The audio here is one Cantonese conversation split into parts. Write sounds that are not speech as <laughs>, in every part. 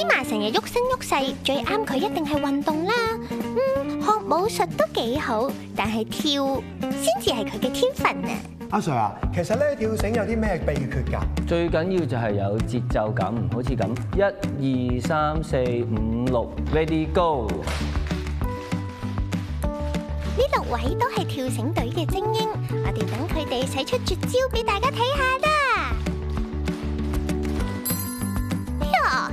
芝麻成日喐身喐勢，最啱佢一定係運動啦。嗯，學武術都幾好，但係跳先至係佢嘅天分啊！阿 Sir 啊，其實咧跳繩有啲咩秘訣噶？最緊要就係有節奏感，好似咁一二三四五六，ready go！呢六位都係跳繩隊嘅精英，我哋等佢哋使出絕招俾大家睇下啦！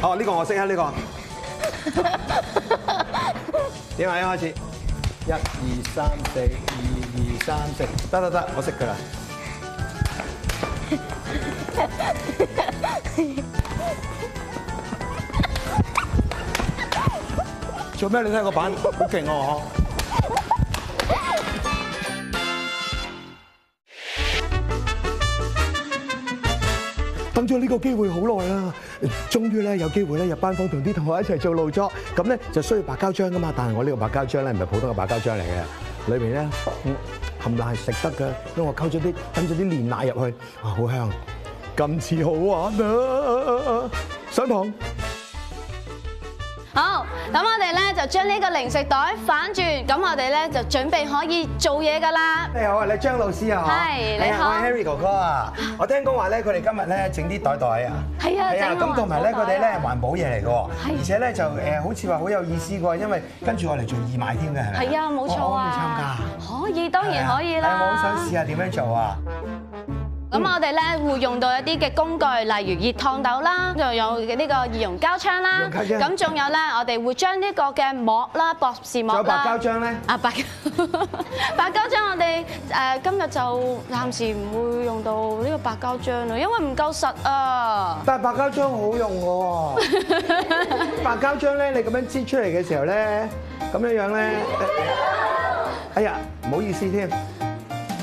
好，呢、這個我識啊！呢、這個點啊？一開始 1, 2, 3, 4, 2, 2, 3,，一二三，四，二二三，四，得得得，我識㗎喇。做咩你睇個板，好勁喎！等咗呢個機會好耐啦，終於咧有機會咧入班房同啲同學一齊做勞作，咁咧就需要白膠漿噶嘛。但係我呢個白膠漿咧唔係普通嘅白膠漿嚟嘅，裏面咧冚唪唥係食得嘅，因為我溝咗啲，揼咗啲煉奶入去，哇，好香，今次好玩啊！上堂。好，咁我哋咧就將呢個零食袋反轉，咁我哋咧就準備可以做嘢噶啦。你好，你張老師啊？係，你好。我係 Harry 哥哥啊，我聽講話咧，佢哋今日咧整啲袋袋啊？係啊，係啊，咁同埋咧，佢哋咧環保嘢嚟噶，而且咧就誒，好似話好有意思噶，因為跟住我嚟做義賣添嘅，係咪？係啊，冇錯啊。可以參加。可以，當然可以啦。我好想試下點樣做啊！咁我哋咧會用到一啲嘅工具，例如熱燙斗啦，又有呢個易溶膠槍啦。咁仲有咧，我哋會將呢個嘅膜啦、博士膜，有白膠漿咧？啊，白膠白膠漿，我哋誒今日就暫時唔會用到呢個白膠漿啦，因為唔夠實啊。但係白膠漿好用喎。白膠漿咧，你咁樣擠出嚟嘅時候咧，咁樣樣咧。哎呀，唔好意思添。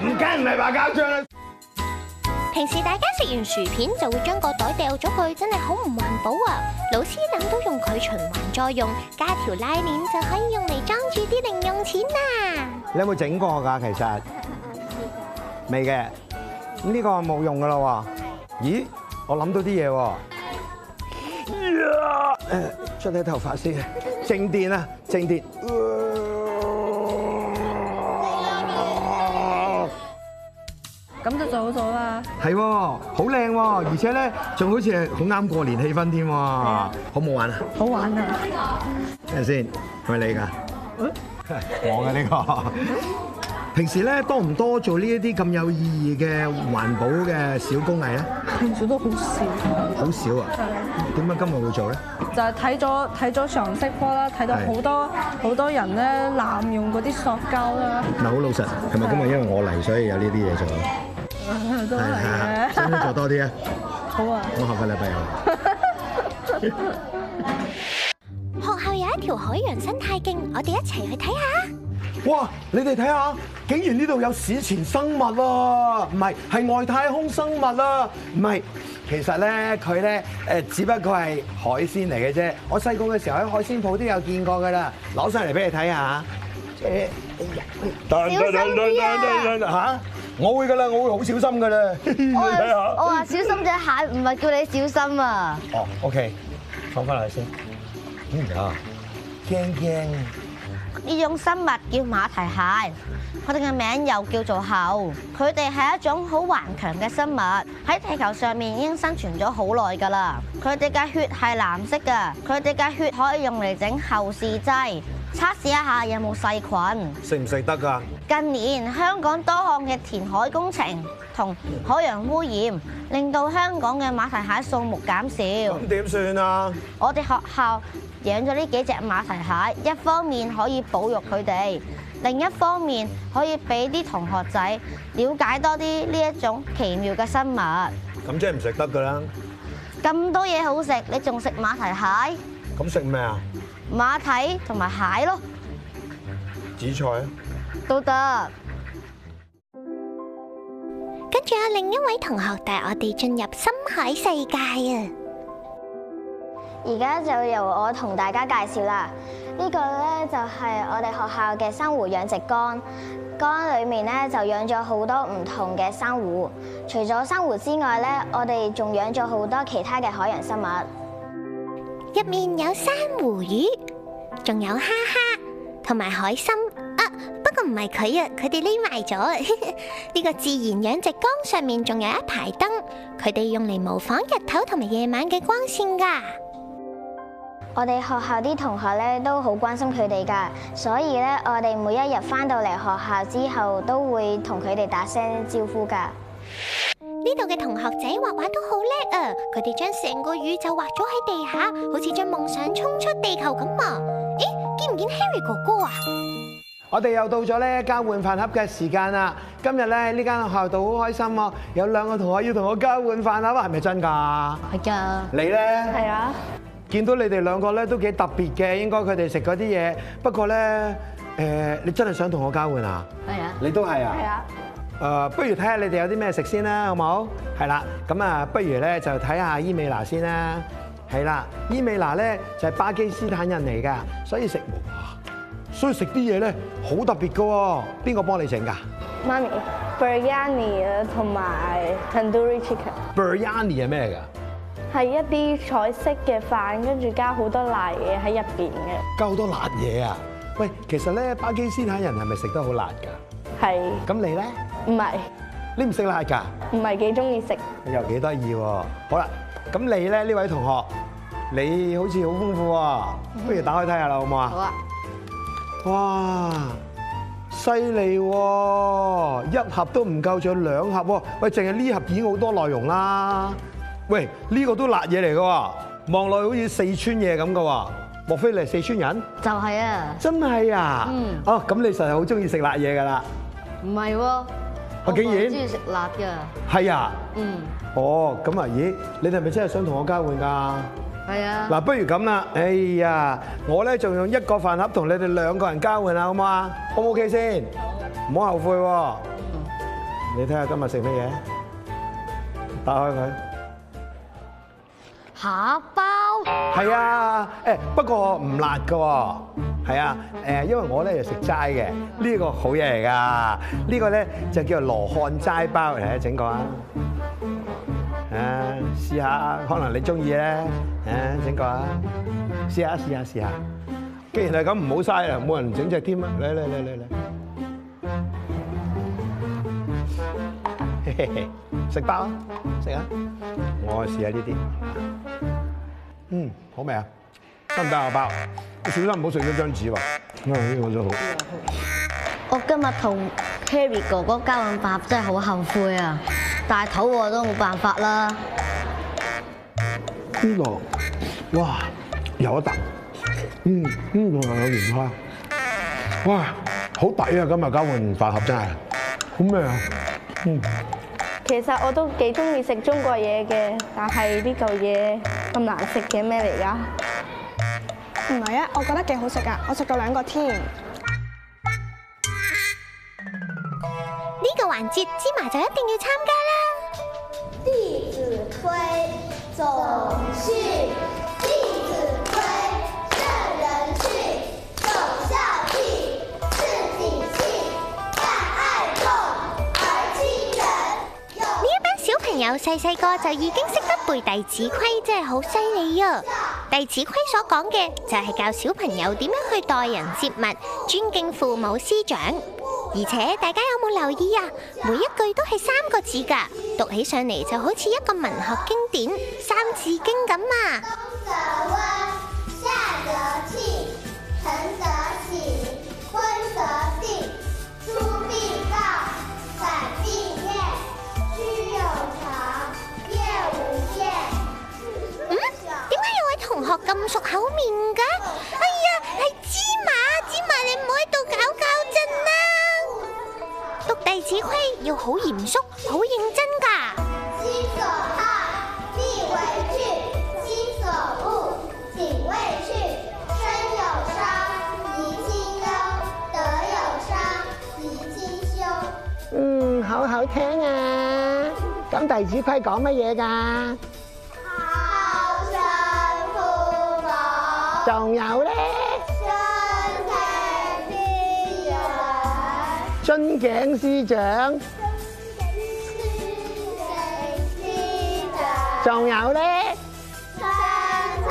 唔梗唔係把膠樽啦。平時大家食完薯片就會將個袋掉咗佢，真係好唔環保啊！老師諗到用佢循環再用，加條拉鏈就可以用嚟裝住啲零用錢啦。你有冇整過噶？其實未嘅，呢個冇用噶啦。咦，我諗到啲嘢喎。呀！誒，捽下頭髮先，靜電啊，靜電。咁就做好咗啦，係喎，好靚喎，而且咧仲好似係好啱過年氣氛添喎，好唔好玩啊？好玩啊！睇下先，係咪你㗎？我嘅呢個，平時咧多唔多做呢一啲咁有意義嘅環保嘅小工藝咧？平時都好少，好少啊？係啊。點解今日會做咧？就係睇咗睇咗常識科啦，睇到好多好是的 多人咧濫用嗰啲塑膠啦。嗱，好老實，係咪今日因為我嚟所以有呢啲嘢做咧？都 <laughs> 係是的，今日做多啲，好啊，我個禮拜好快樂啊！ <laughs> 學校有一條海洋生態徑，我哋一齊去睇下。哇！你哋睇下，竟然呢度有史前生物啊！唔係，係外太空生物啦，啊。唔係，其實咧，佢咧，誒，只不過係海鮮嚟嘅啫。我細個嘅時候喺海鮮鋪都有見過噶啦，攞出嚟俾你睇下。小心啲啊！我會噶啦，我會好小心噶啦。睇下，我話小心隻蟹，唔係叫你小心啊。哦，OK，放翻嚟先。啊？驚驚！呢種生物叫馬蹄蟹，佢哋嘅名又叫做鱟。佢哋係一種好頑強嘅生物，喺地球上面已經生存咗好耐㗎啦。佢哋嘅血係藍色㗎，佢哋嘅血可以用嚟整鱟試劑。測試一下有冇細菌能不能吃，食唔食得噶？近年香港多項嘅填海工程同海洋污染，令到香港嘅馬蹄蟹數目減少。咁點算啊？我哋學校養咗呢幾隻馬蹄蟹，一方面可以保育佢哋，另一方面可以俾啲同學仔了解多啲呢一種奇妙嘅生物。咁即係唔食得噶啦？咁多嘢好食，你仲食馬蹄蟹？咁食咩啊？馬蹄同埋蟹咯，紫菜啊，都得。跟住有另一位同學帶我哋進入深海世界啊！而家就由我同大家介紹啦。呢個呢，就係我哋學校嘅珊瑚養殖缸，缸裏面呢，就養咗好多唔同嘅珊瑚。除咗珊瑚之外呢，我哋仲養咗好多其他嘅海洋生物。入面有珊瑚魚，仲有蝦蝦同埋海參。啊，不過唔係佢啊，佢哋匿埋咗。呢 <laughs> 個自然養殖缸上面仲有一排燈，佢哋用嚟模仿日頭同埋夜晚嘅光線噶。我哋學校啲同學咧都好關心佢哋噶，所以咧我哋每一日返到嚟學校之後都會同佢哋打聲招呼噶。呢度嘅同學仔畫畫都好叻啊！佢哋將成個宇宙畫咗喺地下，好似將夢想衝出地球咁啊！咦，見唔見 Harry 哥哥啊？我哋又到咗咧交換飯盒嘅時間啦！今日咧呢間學校度好開心啊。有兩個同學要同我交換飯盒，係咪真噶？係噶是的 呢。你咧？係啊。見到你哋兩個咧都幾特別嘅，應該佢哋食嗰啲嘢。不過咧，誒，你真係想同我交換啊？係啊是的。你都係啊？係啊。誒，不如睇下你哋有啲咩食先啦，好冇？係啦，咁啊，不如咧就睇下伊美娜先啦。係啦，伊美娜咧就係巴基斯坦人嚟噶，所以食，所以食啲嘢咧好特別噶。邊個幫你整㗎？媽咪，Biryani 啊，同埋 Tandoori Chicken。Biryani 係咩㗎？係一啲彩色嘅飯，跟住加好多辣嘢喺入邊嘅。加好多辣嘢啊！喂，其實咧巴基斯坦人係咪食得好辣㗎？係。咁你咧？唔係，你唔食辣㗎？唔係幾中意食？又幾得意喎！好啦，咁你咧呢位同學，你好似好豐富喎，不如打開睇下啦，好唔好啊？好啊！哇，犀利喎，一盒都唔夠，仲有兩盒喎！喂，淨係呢盒已經好多內容啦！喂，呢個都辣嘢嚟㗎喎，望落去好似四川嘢咁㗎喎，莫非你係四川人？就係啊！真係啊！嗯。哦，咁你實係好中意食辣嘢㗎啦？唔係喎。我竟然中意食辣噶，係啊，嗯，哦，咁啊，咦，你哋係咪真係想同我交換噶？係啊，嗱，不如咁啦，哎呀，我咧就用一個飯盒同你哋兩個人交換啊，好唔好啊？O 唔 O K 先？好，唔好後悔喎。嗯。你睇下今日食乜嘢？打開佢。蝦包。係啊，誒，不過唔辣噶喎。係啊，誒，因為我咧就食齋嘅，呢個好嘢嚟噶，呢個咧就叫羅漢齋包嚟，整個啊，啊，試下，可能你中意咧，啊，整個啊，試下試下試下。既然係咁，唔好嘥啦，冇人整隻添啊，嚟嚟嚟嚟嚟，食包食啊，吃吧 我試下呢啲，嗯，好味啊。咁大個包，小心唔好食咗張紙喎。啊、嗯，呢、這個真好、嗯。嗯、我今日同 Harry 哥哥交換飯盒真係好後悔啊！大肚我都冇辦法啦。呢度哇，有一啖，嗯嗯，仲有蓮花。哇，好抵啊！今日交換飯盒真係好味啊！嗯。這個、嗯其實我都幾中意食中國嘢嘅，但係呢嚿嘢咁難食嘅咩嚟噶？唔係啊，我覺得幾好食噶，我食過兩個添。呢個環節芝麻就一定要參加啦！弟子規總序，弟子規聖人訓，首孝悌，次謹信，泛愛眾而親仁。呢班小朋友細細個就已經識得背《弟子規》，真係好犀利啊！弟子規所講嘅就係教小朋友點樣去待人接物，尊敬父母師長。而且大家有冇留意啊？每一句都係三個字噶，讀起上嚟就好似一個文學經典《三字經》咁啊！好好聽啊！咁弟子規講乜嘢噶？孝順父母，仲有咧？尊敬師長，尊敬師長，仲有咧？相親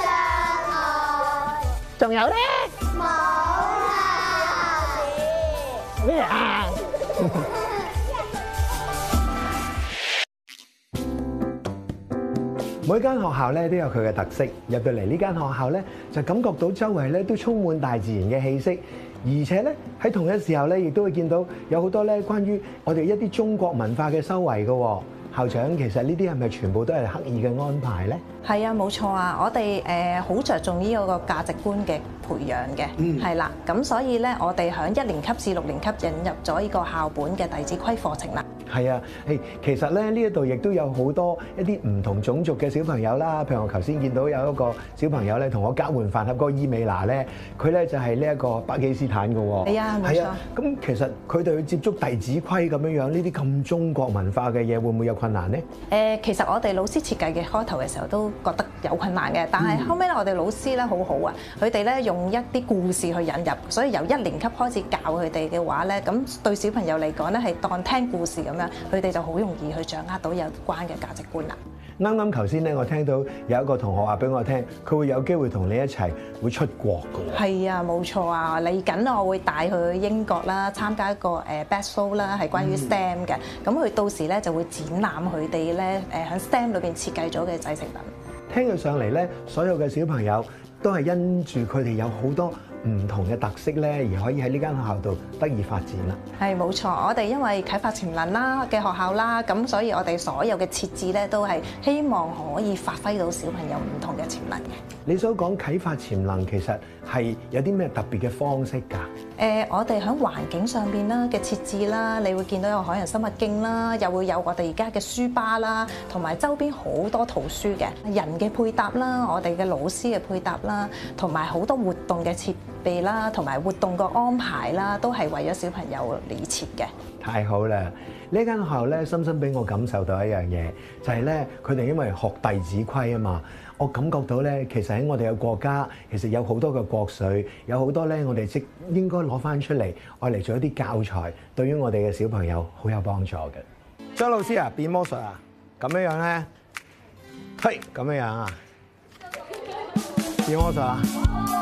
相愛，仲有咧？冇啦！咩啊？每間學校咧都有佢嘅特色，入到嚟呢間學校咧就感覺到周圍咧都充滿大自然嘅氣息，而且咧喺同一時候咧亦都會見到有好多咧關於我哋一啲中國文化嘅修為嘅。校長其實呢啲係咪全部都係刻意嘅安排咧？係啊，冇錯啊，我哋誒好着重呢個價值觀嘅培養嘅，係啦、嗯，咁所以咧我哋喺一年級至六年級引入咗呢個校本嘅《弟子規》課程啦。係啊，誒其實咧呢一度亦都有好多一啲唔同種族嘅小朋友啦，譬如我頭先見到有一個小朋友咧同我交換飯盒嗰個伊美娜咧佢咧就係呢一個巴基斯坦嘅喎。係啊，係啊，咁其實佢哋要接觸《弟子規》咁樣樣呢啲咁中國文化嘅嘢，會唔會有困難咧？誒，其實我哋老師設計嘅開頭嘅時候都覺得有困難嘅，但係後尾我哋老師咧好好啊，佢哋咧用一啲故事去引入，所以由一年級開始教佢哋嘅話咧，咁對小朋友嚟講咧係當聽故事咁樣。佢哋就好容易去掌握到有關嘅價值觀啦。啱啱頭先咧，我聽到有一個同學話俾我聽，佢會有機會同你一齊會出國嘅。係啊，冇錯啊，嚟緊我會帶佢去英國啦，參加一個誒 Best Show 啦，係關於 STEM 嘅。咁佢到時咧就會展覽佢哋咧誒喺 STEM 裏邊設計咗嘅製成品。聽佢上嚟咧，所有嘅小朋友都係因住佢哋有好多。唔同嘅特色咧，而可以喺呢間學校度得以發展啦。係冇錯。我哋因為啟發潛能啦嘅學校啦，咁所以我哋所有嘅設置咧都係希望可以發揮到小朋友唔同嘅潛能嘅。你所講啟發潛能其實，係有啲咩特別嘅方式㗎？誒，我哋響環境上邊啦嘅設置啦，你會見到有海洋生物徑啦，又會有我哋而家嘅書吧啦，同埋周邊好多圖書嘅人嘅配搭啦，我哋嘅老師嘅配搭啦，同埋好多活動嘅設。備啦，同埋活動個安排啦，都係為咗小朋友而設嘅。太好啦！呢間學校咧，深深俾我感受到一樣嘢，就係咧，佢哋因為學《弟子規》啊嘛，我感覺到咧，其實喺我哋嘅國家，其實有好多嘅國粹，有好多咧，我哋即應該攞翻出嚟，愛嚟做一啲教材，對於我哋嘅小朋友好有幫助嘅。張老師啊，變魔術啊，咁樣樣咧，係咁樣樣啊，變魔術啊！